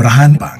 berhampang.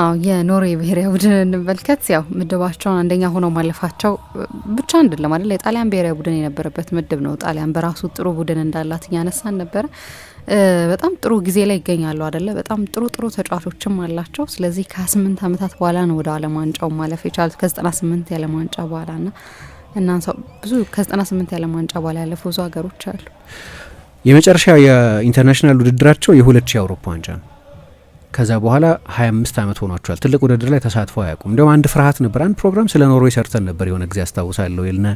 አዎ የኖርዌይ ብሔራዊ ቡድን እንመልከት። ያው ምድባቸውን አንደኛ ሆነው ማለፋቸው ብቻ አይደለም አይደል፣ የጣሊያን ብሔራዊ ቡድን የነበረበት ምድብ ነው። ጣሊያን በራሱ ጥሩ ቡድን እንዳላት እያነሳን ነበረ። በጣም ጥሩ ጊዜ ላይ ይገኛሉ አይደለ? በጣም ጥሩ ጥሩ ተጫዋቾችም አላቸው። ስለዚህ ከ28 ዓመታት በኋላ ነው ወደ ዓለም ዋንጫው ማለፍ የቻሉት ከ98 የዓለም ዋንጫ በኋላ ና እናንሳ ብዙ ከ98 የዓለም ዋንጫ በኋላ ያለፉ ብዙ ሀገሮች አሉ። የመጨረሻው የኢንተርናሽናል ውድድራቸው የሁለት ሺ አውሮፓ ዋንጫ ነው። ከዛ በኋላ 25 ዓመት ሆኗቸዋል። ትልቅ ውድድር ላይ ተሳትፎ አያውቁም። እንዲሁም አንድ ፍርሃት ነበር። አንድ ፕሮግራም ስለ ኖርዌይ ሰርተን ነበር የሆነ ጊዜ አስታውሳለሁ። ልነ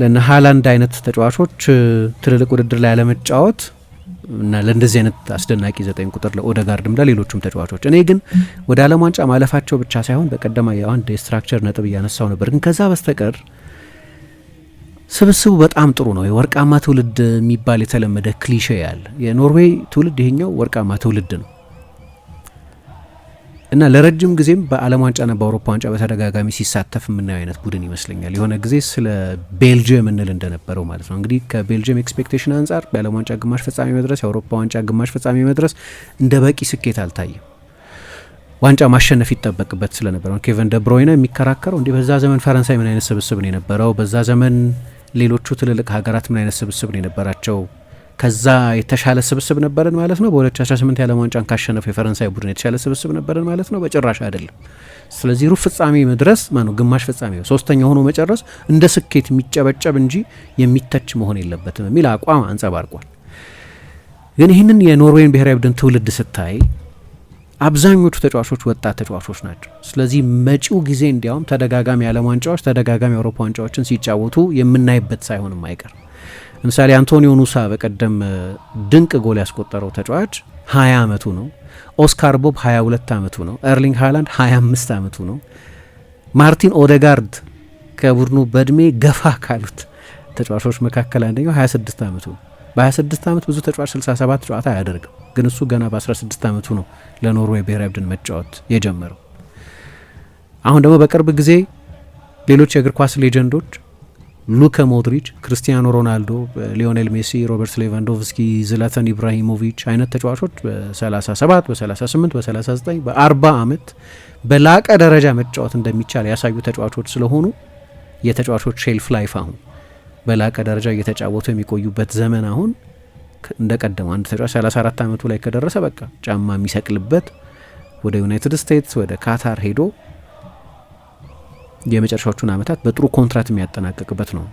ለነ ሀላንድ አይነት ተጫዋቾች ትልልቅ ውድድር ላይ ያለመጫወት እና ለእንደዚህ አይነት አስደናቂ ዘጠኝ ቁጥር ለኦደጋርድም ለሌሎቹም ተጫዋቾች እኔ ግን ወደ ዓለም ዋንጫ ማለፋቸው ብቻ ሳይሆን በቀደማ የአንድ የስትራክቸር ነጥብ እያነሳው ነበር። ግን ከዛ በስተቀር ስብስቡ በጣም ጥሩ ነው። የወርቃማ ትውልድ የሚባል የተለመደ ክሊሼ ያለ የኖርዌይ ትውልድ ይሄኛው ወርቃማ ትውልድ ነው። እና ለረጅም ጊዜም በዓለም ዋንጫና በአውሮፓ ዋንጫ በተደጋጋሚ ሲሳተፍ የምናየው አይነት ቡድን ይመስለኛል። የሆነ ጊዜ ስለ ቤልጅየም እንል እንደነበረው ማለት ነው። እንግዲህ ከቤልጅየም ኤክስፔክቴሽን አንጻር የዓለም ዋንጫ ግማሽ ፍጻሜ መድረስ፣ የአውሮፓ ዋንጫ ግማሽ ፍጻሜ መድረስ እንደ በቂ ስኬት አልታየም። ዋንጫ ማሸነፍ ይጠበቅበት ስለነበረ ኬቨን ደብሮይነ የሚከራከረው እንዲህ በዛ ዘመን ፈረንሳይ ምን አይነት ስብስብ ነው የነበረው? በዛ ዘመን ሌሎቹ ትልልቅ ሀገራት ምን አይነት ስብስብ ነው የነበራቸው ከዛ የተሻለ ስብስብ ነበረን ማለት ነው። በ2018 የዓለም ዋንጫን ካሸነፈው የፈረንሳይ ቡድን የተሻለ ስብስብ ነበረን ማለት ነው? በጭራሽ አይደለም። ስለዚህ ሩብ ፍጻሜ መድረስ ማነው ግማሽ ፍጻሜ ሶስተኛ ሆኖ መጨረስ እንደ ስኬት የሚጨበጨብ እንጂ የሚተች መሆን የለበትም የሚል አቋም አንጸባርቋል። ግን ይህንን የኖርዌይን ብሔራዊ ቡድን ትውልድ ስታይ አብዛኞቹ ተጫዋቾች ወጣት ተጫዋቾች ናቸው። ስለዚህ መጪው ጊዜ እንዲያውም ተደጋጋሚ የዓለም ዋንጫዎች ተደጋጋሚ የአውሮፓ ዋንጫዎችን ሲጫወቱ የምናይበት ሳይሆንም አይቀር ለምሳሌ አንቶኒዮ ኑሳ በቀደም ድንቅ ጎል ያስቆጠረው ተጫዋች 20 ዓመቱ ነው። ኦስካር ቦብ 22 ዓመቱ ነው። ኤርሊንግ ሃላንድ 25 ዓመቱ ነው። ማርቲን ኦደጋርድ ከቡድኑ በእድሜ ገፋ ካሉት ተጫዋቾች መካከል አንደኛው 26 ዓመቱ ነው። በ26 ዓመት ብዙ ተጫዋች 67 ጨዋታ አያደርግም፣ ግን እሱ ገና በ16 ዓመቱ ነው ለኖርዌይ ብሔራዊ ቡድን መጫወት የጀመረው። አሁን ደግሞ በቅርብ ጊዜ ሌሎች የእግር ኳስ ሌጀንዶች ሉከ ሞድሪች፣ ክርስቲያኖ ሮናልዶ፣ ሊዮኔል ሜሲ፣ ሮበርት ሌቫንዶቭስኪ፣ ዝላተን ኢብራሂሞቪች አይነት ተጫዋቾች በ37 በ38 በ39 በ40 ዓመት በላቀ ደረጃ መጫወት እንደሚቻል ያሳዩ ተጫዋቾች ስለሆኑ የተጫዋቾች ሼልፍ ላይፍ አሁን በላቀ ደረጃ እየተጫወቱ የሚቆዩበት ዘመን አሁን እንደቀደሙ አንድ ተጫዋች 34 ዓመቱ ላይ ከደረሰ በቃ ጫማ የሚሰቅልበት ወደ ዩናይትድ ስቴትስ ወደ ካታር ሄዶ የመጨረሻዎቹን ዓመታት በጥሩ ኮንትራት የሚያጠናቀቅበት ነው።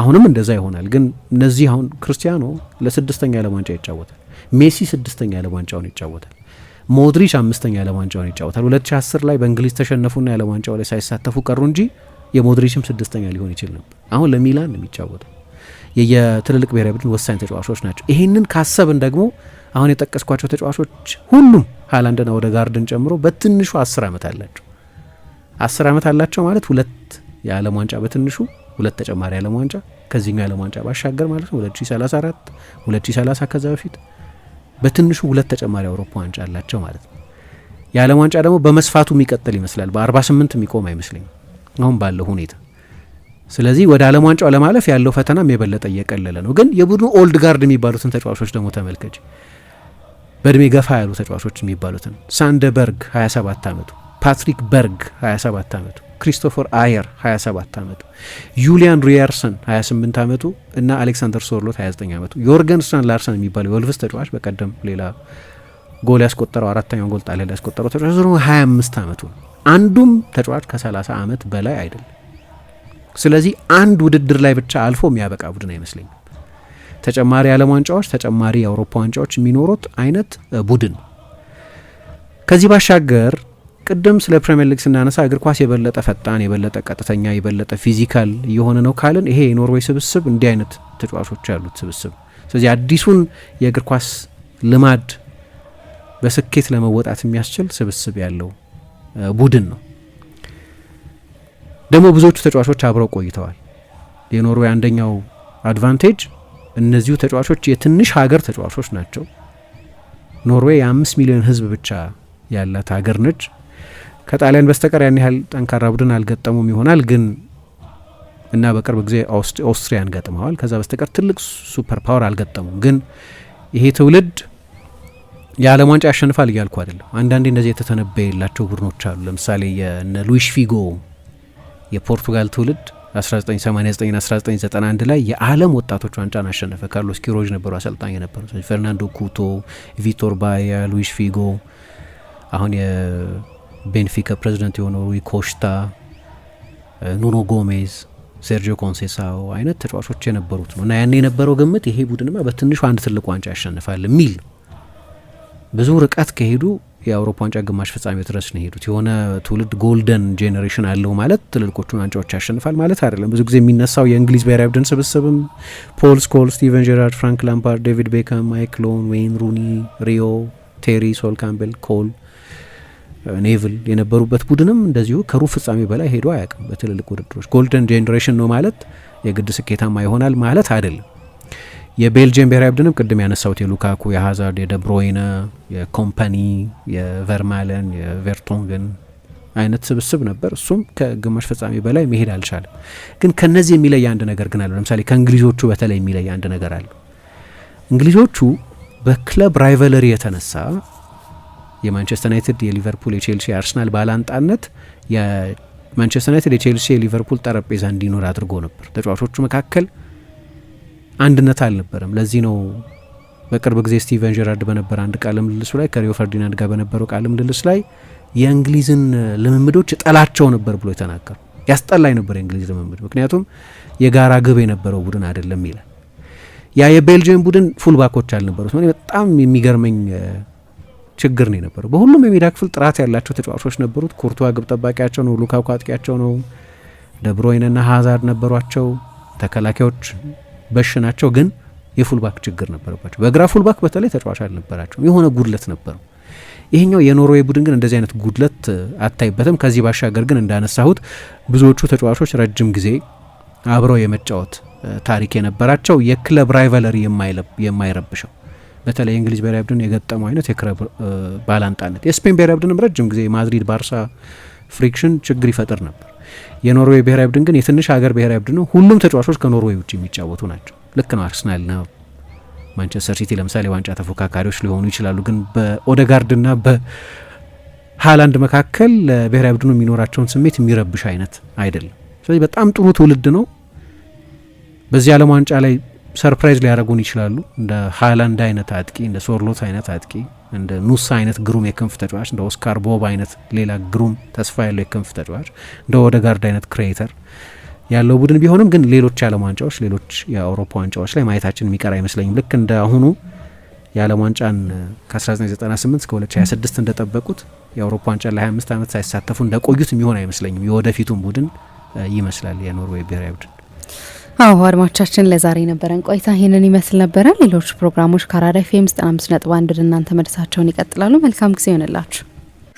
አሁንም እንደዛ ይሆናል። ግን እነዚህ አሁን ክርስቲያኖ ለስድስተኛ ዓለም ዋንጫ ይጫወታል። ሜሲ ስድስተኛ ዓለም ዋንጫውን ይጫወታል። ሞድሪች አምስተኛ ዓለም ዋንጫውን ይጫወታል። 2010 ላይ በእንግሊዝ ተሸነፉና ዓለም ዋንጫው ላይ ሳይሳተፉ ቀሩ እንጂ የሞድሪችም ስድስተኛ ሊሆን ይችል ነበር። አሁን ለሚላን የሚጫወተው የትልልቅ ብሔራዊ ቡድን ወሳኝ ተጫዋቾች ናቸው። ይሄንን ካሰብን ደግሞ አሁን የጠቀስኳቸው ተጫዋቾች ሁሉም ወደ ኦደጋርድን ጨምሮ በትንሹ አስር ዓመት አላቸው። አስር ዓመት አላቸው ማለት ሁለት የዓለም ዋንጫ በትንሹ ሁለት ተጨማሪ የዓለም ዋንጫ ከዚህኛው የዓለም ዋንጫ ባሻገር ማለት ነው 2034 2030 ከዛ በፊት በትንሹ ሁለት ተጨማሪ አውሮፓ ዋንጫ አላቸው ማለት ነው። የዓለም ዋንጫ ደግሞ በመስፋቱ የሚቀጥል ይመስላል። በ48 የሚቆም አይመስለኝም አሁን ባለው ሁኔታ። ስለዚህ ወደ ዓለም ዋንጫው ለማለፍ ያለው ፈተናም የበለጠ እየቀለለ ነው። ግን የቡድኑ ኦልድ ጋርድ የሚባሉትን ተጫዋቾች ደግሞ ተመልከች። በእድሜ ገፋ ያሉ ተጫዋቾች የሚባሉትን ሳንደበርግ 27 ዓመቱ ፓትሪክ በርግ 27 ዓመቱ፣ ክሪስቶፈር አየር 27 ዓመቱ፣ ዩሊያን ሪየርሰን 28 ዓመቱ እና አሌክሳንደር ሶርሎት 29 ዓመቱ። ዮርገን ላርሰን የሚባለው የወልቭስ ተጫዋች በቀደም ሌላ ጎል ያስቆጠረው አራተኛውን ጎል ጣሊያ ያስቆጠረው ተጫዋች ዝሮ 25 ዓመቱ ነው። አንዱም ተጫዋች ከ30 ዓመት በላይ አይደለም። ስለዚህ አንድ ውድድር ላይ ብቻ አልፎ የሚያበቃ ቡድን አይመስለኝም። ተጨማሪ የዓለም ዋንጫዎች፣ ተጨማሪ የአውሮፓ ዋንጫዎች የሚኖሩት አይነት ቡድን ከዚህ ባሻገር ቅድም ስለ ፕሪምየር ሊግ ስናነሳ እግር ኳስ የበለጠ ፈጣን፣ የበለጠ ቀጥተኛ፣ የበለጠ ፊዚካል እየሆነ ነው ካልን ይሄ የኖርዌይ ስብስብ እንዲህ አይነት ተጫዋቾች ያሉት ስብስብ። ስለዚህ አዲሱን የእግር ኳስ ልማድ በስኬት ለመወጣት የሚያስችል ስብስብ ያለው ቡድን ነው። ደግሞ ብዙዎቹ ተጫዋቾች አብረው ቆይተዋል። የኖርዌይ አንደኛው አድቫንቴጅ እነዚሁ ተጫዋቾች የትንሽ ሀገር ተጫዋቾች ናቸው። ኖርዌይ የአምስት ሚሊዮን ህዝብ ብቻ ያላት ሀገር ነች። ከጣሊያን በስተቀር ያን ያህል ጠንካራ ቡድን አልገጠሙም ይሆናል ግን እና በቅርብ ጊዜ ኦስትሪያን ገጥመዋል። ከዛ በስተቀር ትልቅ ሱፐር ፓወር አልገጠሙም። ግን ይሄ ትውልድ የዓለም ዋንጫ ያሸንፋል እያልኩ አይደለም። አንዳንዴ እንደዚህ የተተነበየ የላቸው ቡድኖች አሉ። ለምሳሌ የነ ሉዊሽ ፊጎ የፖርቱጋል ትውልድ 1989ና 1991 ላይ የዓለም ወጣቶች ዋንጫን አሸነፈ። ካርሎስ ኪሮጅ ነበሩ አሰልጣኝ የነበሩ ፈርናንዶ ኩቶ፣ ቪቶር ባያ፣ ሉዊሽ ፊጎ አሁን ቤንፊካ ፕሬዚደንት የሆነው ሩይ ኮሽታ፣ ኑኖ ጎሜዝ፣ ሴርጂዮ ኮንሴሳው አይነት ተጫዋቾች የነበሩት ነው እና ያኔ የነበረው ግምት ይሄ ቡድንማ በትንሹ አንድ ትልቅ ዋንጫ ያሸንፋል የሚል ነው። ብዙ ርቀት ከሄዱ የአውሮፓ ዋንጫ ግማሽ ፍጻሜ ድረስ ነው የሄዱት። የሆነ ትውልድ ጎልደን ጄኔሬሽን አለው ማለት ትልልቆቹን ዋንጫዎች ያሸንፋል ማለት አይደለም። ብዙ ጊዜ የሚነሳው የእንግሊዝ ብሔራዊ ቡድን ስብስብም ፖል ስኮል፣ ስቲቨን ጄራርድ፣ ፍራንክ ላምፓርድ፣ ዴቪድ ቤከም፣ ማይክ ሎን፣ ዌይን ሩኒ፣ ሪዮ ቴሪ፣ ሶል ካምቤል፣ ኮል ኔቭል የነበሩበት ቡድንም እንደዚሁ ከሩብ ፍጻሜ በላይ ሄዶ አያውቅም በትልልቅ ውድድሮች። ጎልደን ጄኔሬሽን ነው ማለት የግድ ስኬታማ ይሆናል ማለት አይደለም። የቤልጅየም ብሔራዊ ቡድንም ቅድም ያነሳሁት የሉካኩ፣ የሀዛርድ፣ የደብሮይነ፣ የኮምፓኒ፣ የቨርማለን፣ የቬርቶንግን አይነት ስብስብ ነበር። እሱም ከግማሽ ፍጻሜ በላይ መሄድ አልቻለም። ግን ከነዚህ የሚለይ አንድ ነገር ግን አለ። ለምሳሌ ከእንግሊዞቹ በተለይ የሚለይ አንድ ነገር አለ። እንግሊዞቹ በክለብ ራይቨለሪ የተነሳ የማንቸስተር ዩናይትድ፣ የሊቨርፑል፣ የቼልሲ፣ የአርሰናል ባላንጣነት የማንቸስተር ዩናይትድ፣ የቼልሲ፣ የሊቨርፑል ጠረጴዛ እንዲኖር አድርጎ ነበር። ተጫዋቾቹ መካከል አንድነት አልነበረም። ለዚህ ነው በቅርብ ጊዜ ስቲቨን ጀራርድ በነበረ አንድ ቃለ ምልልሱ ላይ ከሪዮ ፈርዲናንድ ጋር በነበረው ቃለ ምልልስ ላይ የእንግሊዝን ልምምዶች ጠላቸው ነበር ብሎ የተናገሩ ያስጠላኝ ነበር የእንግሊዝ ልምምድ፣ ምክንያቱም የጋራ ግብ የነበረው ቡድን አይደለም ይላል። ያ የቤልጅየም ቡድን ፉልባኮች አልነበሩት። በጣም የሚገርመኝ ችግር ነው የነበረው። በሁሉም የሜዳ ክፍል ጥራት ያላቸው ተጫዋቾች ነበሩት። ኩርቷ ግብ ጠባቂያቸው ነው፣ ሉካኩ አጥቂያቸው ነው፣ ደብሮይንና ሀዛርድ ነበሯቸው። ተከላካዮች በሽ ናቸው፣ ግን የፉልባክ ችግር ነበረባቸው። በግራ ፉልባክ በተለይ ተጫዋች አልነበራቸውም፣ የሆነ ጉድለት ነበረው። ይሄኛው የኖርዌይ ቡድን ግን እንደዚህ አይነት ጉድለት አታይበትም። ከዚህ ባሻገር ግን እንዳነሳሁት ብዙዎቹ ተጫዋቾች ረጅም ጊዜ አብረው የመጫወት ታሪክ የነበራቸው የክለብ ራይቨለሪ የማይረብሸው በተለይ የእንግሊዝ ብሔራዊ ቡድን የገጠመው አይነት የክረብ ባላንጣነት የስፔን ብሔራዊ ቡድንም ረጅም ጊዜ ማድሪድ ባርሳ ፍሪክሽን ችግር ይፈጥር ነበር። የኖርዌይ ብሔራዊ ቡድን ግን የትንሽ ሀገር ብሔራዊ ቡድን ነው። ሁሉም ተጫዋቾች ከኖርዌይ ውጭ የሚጫወቱ ናቸው። ልክ ነው። አርሰናልና ማንቸስተር ሲቲ ለምሳሌ ዋንጫ ተፎካካሪዎች ሊሆኑ ይችላሉ። ግን ና በሃላንድ መካከል ለብሔራዊ ቡድኑ የሚኖራቸውን ስሜት የሚረብሽ አይነት አይደለም። ስለዚህ በጣም ጥሩ ትውልድ ነው። በዚህ ዓለም ዋንጫ ላይ ሰርፕራይዝ ሊያደረጉን ይችላሉ። እንደ ሃላንድ አይነት አጥቂ፣ እንደ ሶርሎት አይነት አጥቂ፣ እንደ ኑስ አይነት ግሩም የክንፍ ተጫዋች፣ እንደ ኦስካር ቦብ አይነት ሌላ ግሩም ተስፋ ያለው የክንፍ ተጫዋች፣ እንደ ኦደጋርድ አይነት ክሬተር ያለው ቡድን ቢሆንም ግን ሌሎች የዓለም ዋንጫዎች ሌሎች የአውሮፓ ዋንጫዎች ላይ ማየታችን የሚቀር አይመስለኝም። ልክ እንደ አሁኑ የዓለም ዋንጫን ከ1998 እስከ 2026 እንደጠበቁት የአውሮፓ ዋንጫ ለ25 ዓመት ሳይሳተፉ እንደቆዩት የሚሆን አይመስለኝም። የወደፊቱን ቡድን ይመስላል የኖርዌይ ብሔራዊ ቡድን። አዎ አድማቻችን ለዛሬ ነበረን ቆይታ ይህንን ይመስል ነበረ። ሌሎች ፕሮግራሞች ከአራዳ ኤፍ ኤም ዘጠና አምስት ነጥብ አንድ መድረሳቸውን ይቀጥላሉ። መልካም ጊዜ ይሆንላችሁ።